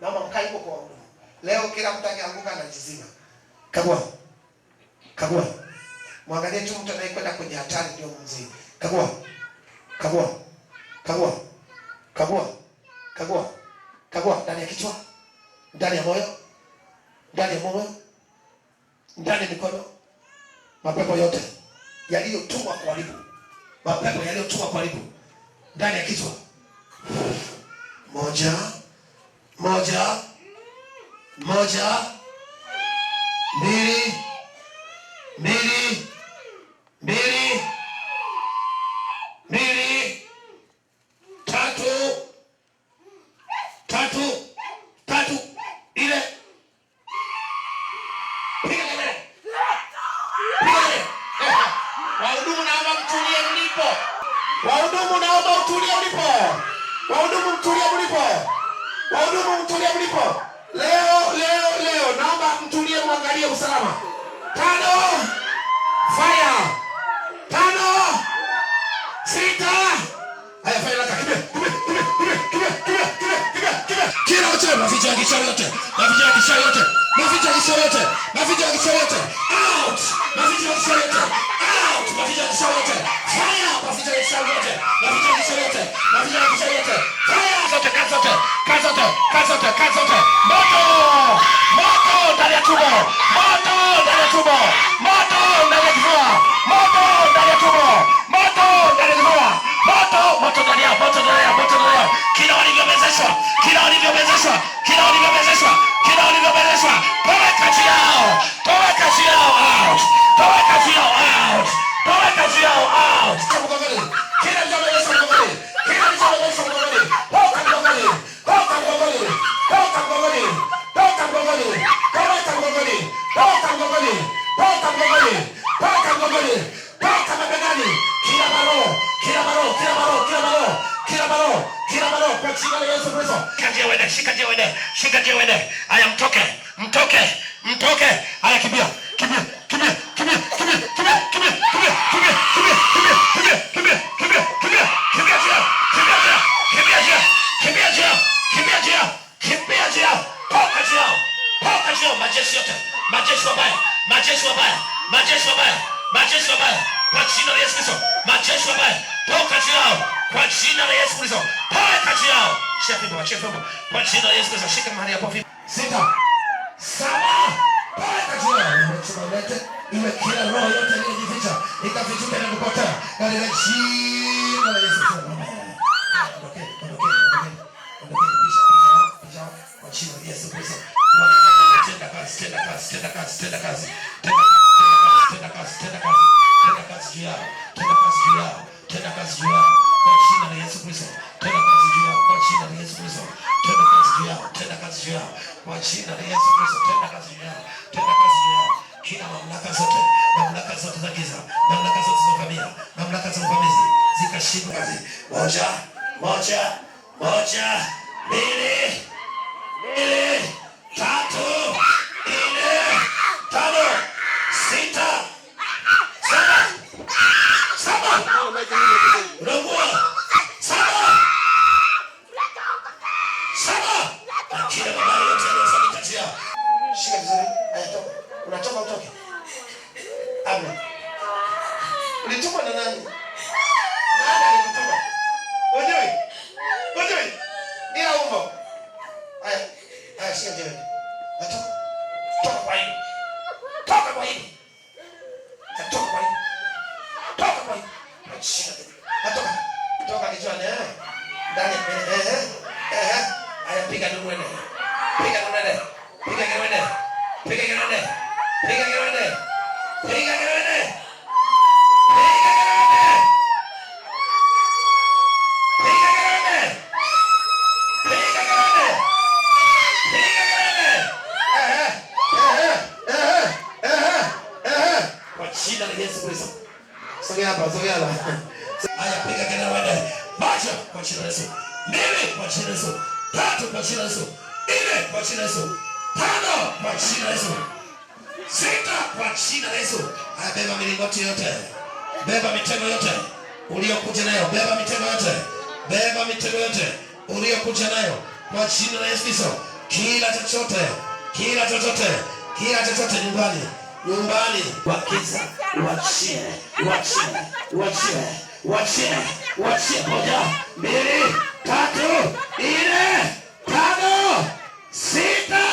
Naomba mkae huko kwa huduma. Leo kila mtu akianguka anajizima. Kagua. Kagua. Mwangalie tu mtu anayekwenda kwenye hatari ndio mzee. Kagua. Kagua. Kagua. Kagua. Kagua. Kagua ndani ya kichwa. Ndani ya moyo. Ndani ya moyo. Ndani ya mikono. Mapepo yote yaliyotumwa kuharibu. Mapepo yaliyotumwa kuharibu. Ndani ya kichwa moja moja moja mbili mbili mbili mbili tatu tatu tatu ile eh, eh. wahudumu, naomba mtulie mlipo. Wahudumu, naomba utulie ulipo. Wahudumu mtulie mlipo, wahudumu mtulie mlipo. Leo leo leo, naomba mtulie, mwangalie usalama. Tano, fire! Tano, sita. Haya, fanya lata kibe, Kila wote maficha ya kisha yote, maficha ya kisha yote, maficha ya kisha yote, maficha ya kisha yote. Out! Maficha ya kisha yote. Out! Maficha ya kisha yote. Fire! Naficha yote, naficha yote, naficha yote. Kaa zote, kaa zote, kaa zote, kaa zote, kaa zote. Moto, moto ndani ya tumbo, moto ndani ya tumbo, moto ndani ya kifua, moto ndani ya tumbo, moto ndani ya kifua, moto, moto ndani ya, moto ndani ya, moto ndani ya, kila walivyomezeshwa, kila walivyo jina la Yesu Kristo. Shika jiwe wende, shika jiwe wende, shika jiwe wende. Aya, mtoke, mtoke, mtoke. Aya, kimbia, kimbia, kimbia, kimbia, kimbia, kimbia, kimbia, kimbia, kimbia, kimbia, kimbia, kimbia, kimbia, kimbia, kimbia, kimbia, jia, kimbia jia, kimbia jia, kimbia jia, kimbia jia, kimbia jia, toka jia, toka jia, majeshi yote, majeshi wabaya, majeshi wabaya, majeshi wabaya, majeshi wabaya, kwa jina la Yesu Kristo, majeshi wabaya toka kati yao kwa jina la Yesu Kristo, toka kati yao. Shika fimbo, shika fimbo kwa jina la Yesu Kristo, shika mahali hapo fimbo. Sita saba, toka kati yao, msimamete ile kila roho yote iliyojificha ikafichuka na kupotea katika jina la Yesu Kristo. Okay, okay, okay, okay, pisha pisha pisha kwa jina la Yesu Kristo. Tenda kazi, tenda kazi, tenda kazi, tenda kazi. kazi juu yao kwa jina la Yesu Kristo. Tenda kazi juu yao kwa jina la Yesu Kristo. Tenda kazi juu yao, tenda kazi juu yao kwa jina la Yesu Kristo. Tenda kazi juu yao, tenda kazi juu yao. Kila mamlaka zote, mamlaka zote za giza, mamlaka zote za familia, mamlaka za uvamizi zikashindwa kazi. Moja, moja, moja, mbili, mbili. Shika vizuri. Unatoka utoke. Amen. Ulituma na nani? Nani alikutuma? Unajui? Unajui? Bila umbo. Aya. Aya shika vizuri. Natoka. Toka kwa hili. Toka kwa hili. Natoka kwa hili. Toka kwa hili. Shika vizuri. Natoka. Toka kichwani eh. Ndani eh eh. Eh eh. Aya piga dumu nene. Piga dumu nene. Piga dumu jina la Yesu Kristo. Sogea hapa, sogea hapa. Haya, piga kana wewe. Macho kwa jina la Yesu. Mimi kwa jina la Yesu. Tatu kwa jina la Yesu. Nne kwa jina la Yesu. Tano kwa jina la Yesu. Sita kwa jina la Yesu. Haya, beba milingoti yote. Beba mitego yote. Uliokuja nayo, beba mitego yote. Beba mitego yote. Uliokuja nayo kwa jina la Yesu Kristo. Kila chochote, kila chochote, kila chochote nyumbani nyumbani, kwa kiza, wachie, wachie, wachie, wachie, wachie. Moja, mbili, tatu, nne, tano, sita,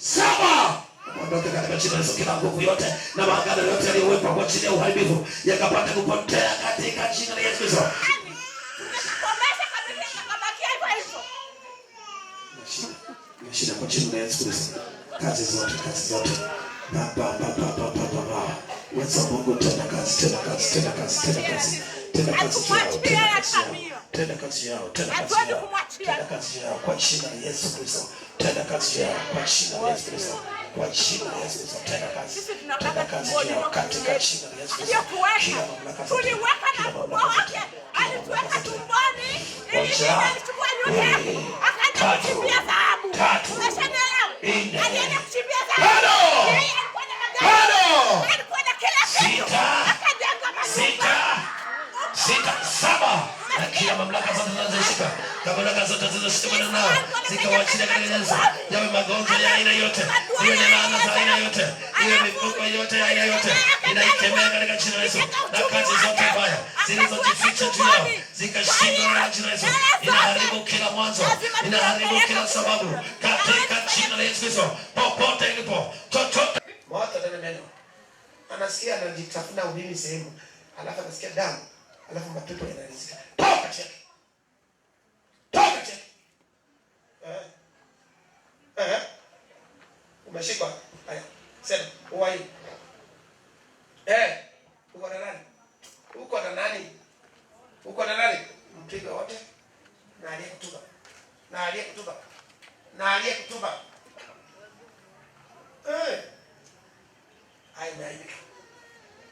saba. Ondoke katika jina la Yesu, kila nguvu yote na maagano yote yaliyowekwa kwa chini ya uharibifu yakapata kupotea katika jina la Yesu Kristo. Shida kwa jina la Yesu Kristo, kazi zote, kazi zote Weza Mungu tenda kazi, tenda kazi, tenda kazi, tenda kazi. Tenda kazi yao, kazi yao, kazi yao, tenda kazi yao, tenda kazi yao kwa jina la Yesu Kristo. Tenda kazi yao kwa jina la Yesu Kristo. Kwa jina la Yesu Kristo, tenda kazi. Tenda kazi yao katika jina la Yesu Kristo. Tuliweka na Mungu wake, alituweka tumboni ili yakitengeneza yawe magonjwa ya aina yote, iwe laana za aina yote, iwe mifuko yote ya aina yote, inaikemea katika jina la Yesu, na kazi zote mbaya zilizojificha juu yao zikashindwa na jina la Yesu. Inaharibu kila mwanzo, inaharibu kila sababu katika jina la Yesu Kristo, popote ilipo, chochote mwata tena meno anasikia anajitafuna ulimi sehemu, alafu anasikia damu, alafu matoto yanarizika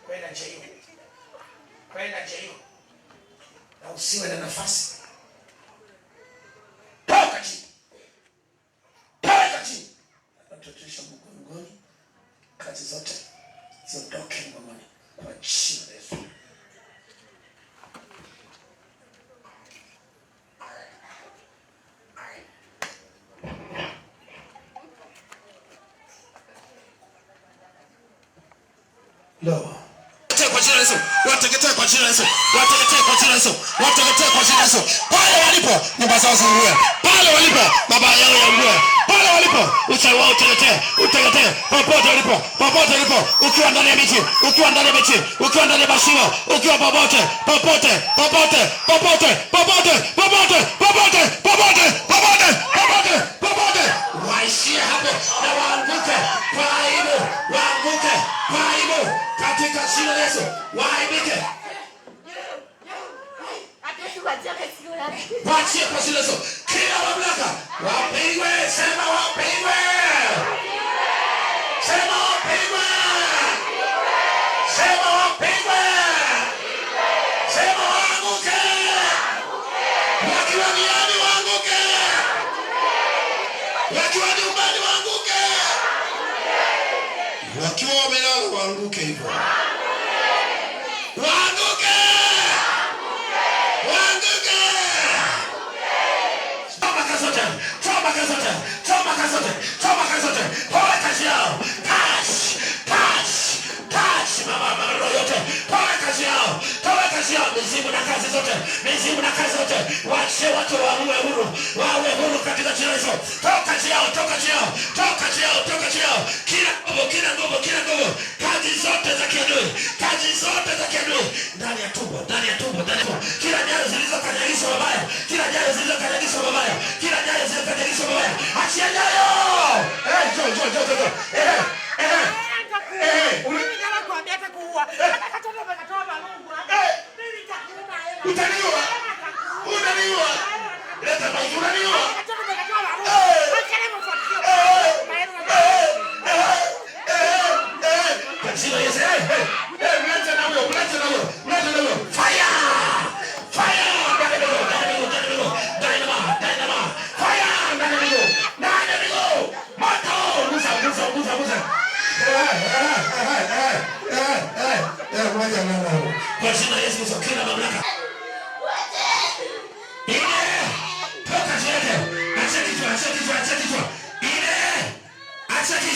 kwenda nje hiyo, kwenda nje hiyo, na usiwe na nafasi. Toka chini, toka chini, natutisha mgongoni, kazi zote ziondoke mgongoni kwa jina la Yesu. Lord. Yesu, wateketee kwa jina la Yesu, wateketee kwa jina la Yesu, wateketee kwa jina la Yesu. Pale walipo nyumba zao ziungue, pale walipo baba yao yaungue, pale walipo uchawi wao uteketee, uteketee popote walipo, popote walipo, ukiwa ndani ya miji, ukiwa ndani ya miji, ukiwa ndani ya mashimo, ukiwa popote, popote, popote, popote, popote, popote, popote kazi zote, mizimu na kazi zote, waachie watu wawe huru, wawe huru katika jina hizo. Toka jiao, toka jiao, toka jiao, toka jiao, kila nguvu, kila nguvu, kila nguvu, kazi zote za kiadui, kazi zote za kiadui ndani ya tumbo, ndani ya tumbo, ndani ya tumbo, kila nyayo zilizokanyaga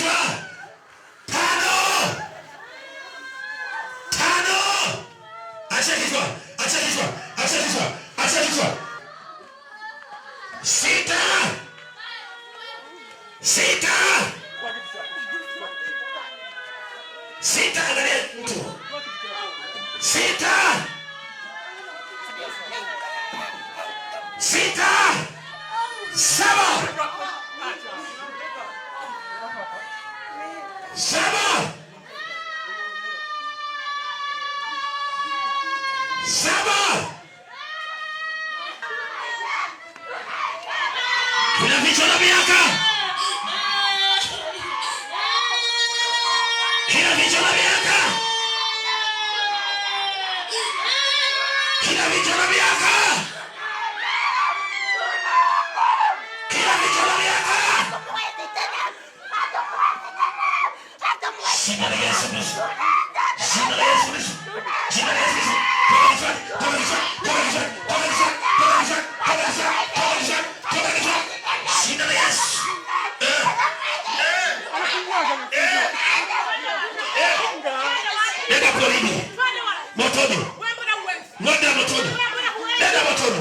kichwa tano tano, acha kichwa, acha kichwa, acha kichwa, acha kichwa, sita sita sita, angalia mtu sita sita saba saba saba. Kinafichwa na miaka, kinafichwa na miaka, kinafichwa na miaka porini, motoni, nenda motoni, nenda motoni.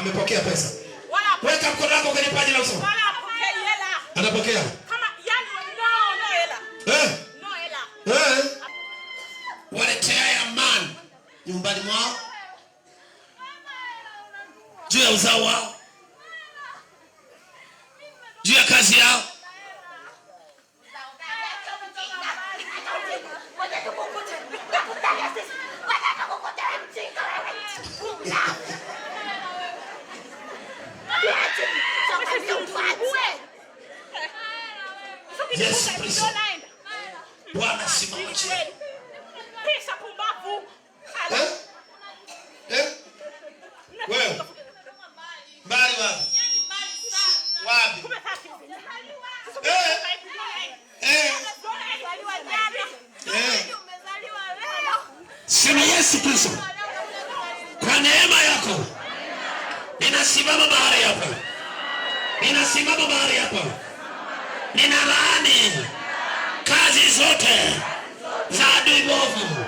amepokea pesa. Weka mkono wako kwenye paji la uso. Anapokea. Kama yani no no hela. Eh? No hela. Eh? Waletea amani nyumbani mwao. Juu ya uzao wao. Juu ya kazi yao. Yesu Kristo. Bwana simama chini. Pesa pumbavu. Eh? Eh? Wewe. Mbali wapi? Yaani mbali sana. Wapi? Yaani eh? eh. Eh. Yaani eh. Sema Yesu Kristo. Kwa neema yako. Ninasimama mahali hapa. Ninasimama mahali hapa ninalaani kazi zote za adui mwovu,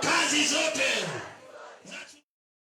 kazi zote